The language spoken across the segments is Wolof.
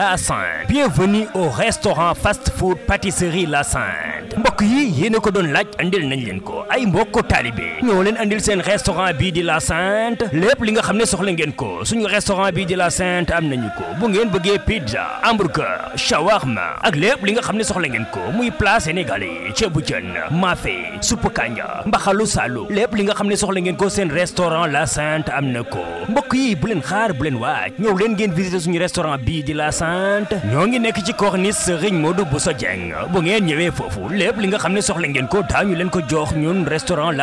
Lassin. Bienvenue au restaurant fast-food pâtisserie Lassin. mbokk yi yéen a ko doon laaj andil nañ leen ko ay mbokk taalibe ñoo leen andil seen restaurant bii di la Sainte lépp li nga xam ne soxla ko suñu restaurant bii di la Sainte am nañu ko bu ngeen bëggee pizza hamburger shawarma ak lépp li nga xam ne soxla ngeen ko muy plat sénégalais ceebu jën mafé supp kanja mbaxalu salu lépp li nga xam ne soxla ko seen restaurant la Sainte am na ko mbokk bu leen xaar bu leen waaj ñëw leen ngeen visiter suñu restaurant bii lépp li nga xam ne soxla ngeen ko daañu leen ko jox ñun restaurant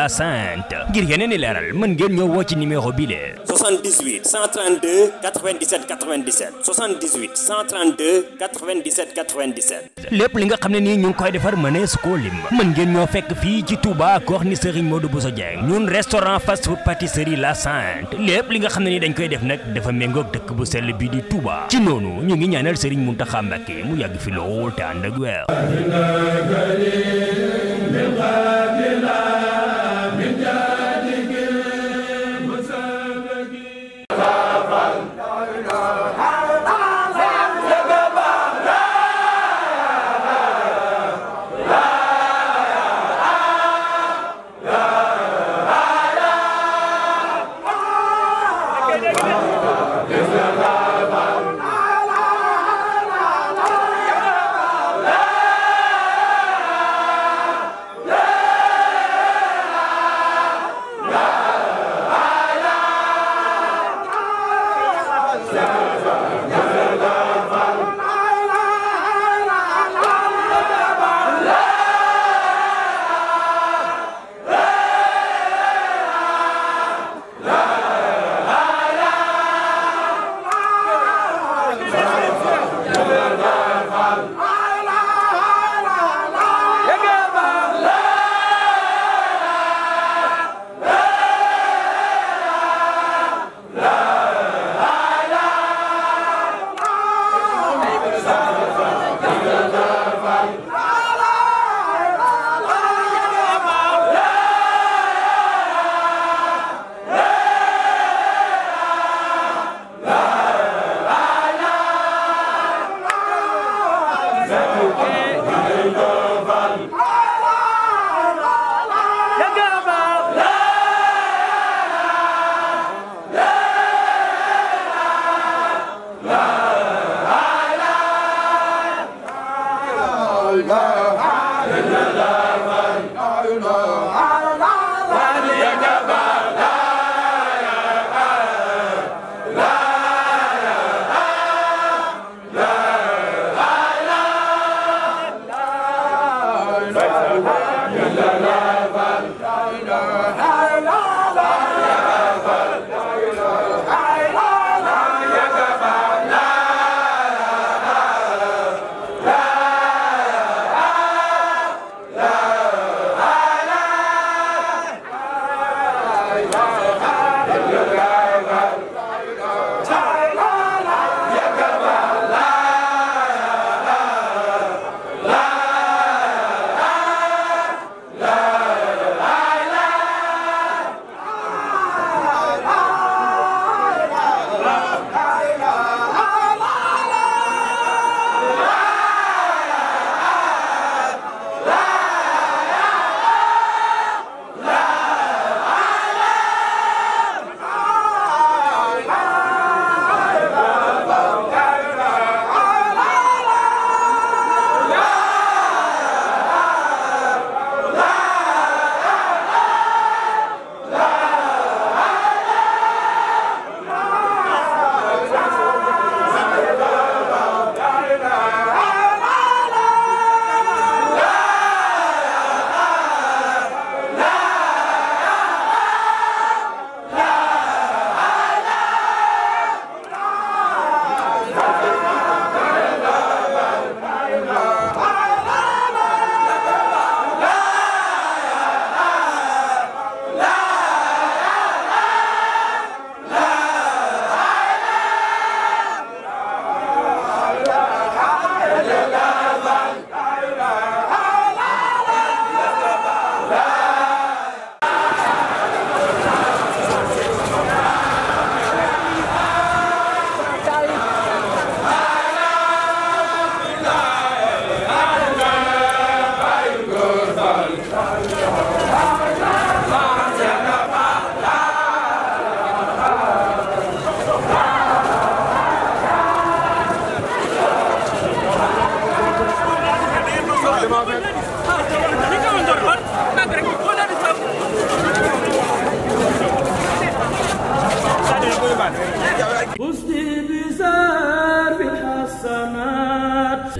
ngir yeneen i leeral mën ngeen ñoo woo ci numéro bi le 78 132 97 97 78 lépp li xam ne nii ñu ngi koy defar mënees koo lim mën ngeen ñoo fekk fii ci Touba Corniche Serigne Modou Bousso Dieng ñun restaurant fast food pâtisserie La Sainte lépp li nga xam ne nii dañ koy def nag dafa méngoog dëkk bu sell bi di Touba ci noonu ñu ngi ñaanal Serigne Mountakha Mbacké mu yàgg fi lool te ànd ak weer bil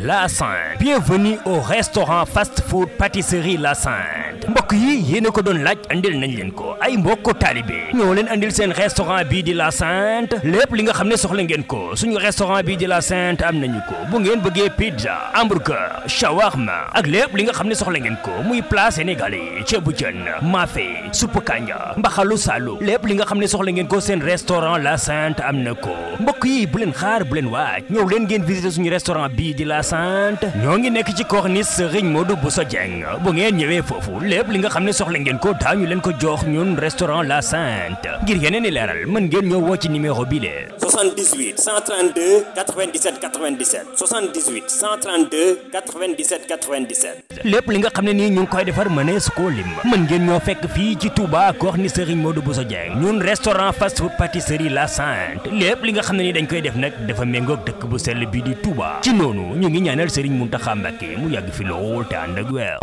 Lassin, bienvenue au restaurant fast-food la Lassin. mbokk yi yéena ko doon laaj andil nañ leen ko ay mbokko taalibe ñoo leen andil seen restaurant bii di la Sainte lépp li nga xam ne soxla ngeen ko suñu restaurant bii di la Sainte am nañu ko bu ngeen bëggee pizza hamburger shawarma ak lépp li nga xam ne soxla geen ko muy plat sénégalais ceebu jën mafé supp kanja mbaxalu salu lépp li nga xam ne soxla ngeen ko seen restaurant la Sainte am na ko mbokk yi bu leen xaar bu leen waaj ñëw leen ngeen visiter suñu restaurant bii di la Sainte ñoo nekk ci corniche Serigne Modou Bousso Dieng lépp li nga xam ne soxla ngeen ko daañu leen ko jox ñun restaurant La Sainte ngir yeneen i leeral mën ngeen ñoo woo ci numéro bi 78 132 97 97 78 132 97 lépp li nga xam ne nii ñu ngi koy defar mënees koo lim mën ngeen ñoo fekk fii ci Touba ko wax ni Serigne Modou Bousso Dieng ñun restaurant fast food pâtisserie La Sainte lépp li nga xam ne nii dañ koy def nag dafa méngoog dëkk bu sell bi di Touba ci noonu ñu ngi ñaanal Serigne Mountakha Mbacké mu yàgg fi lool te ànd ak weer.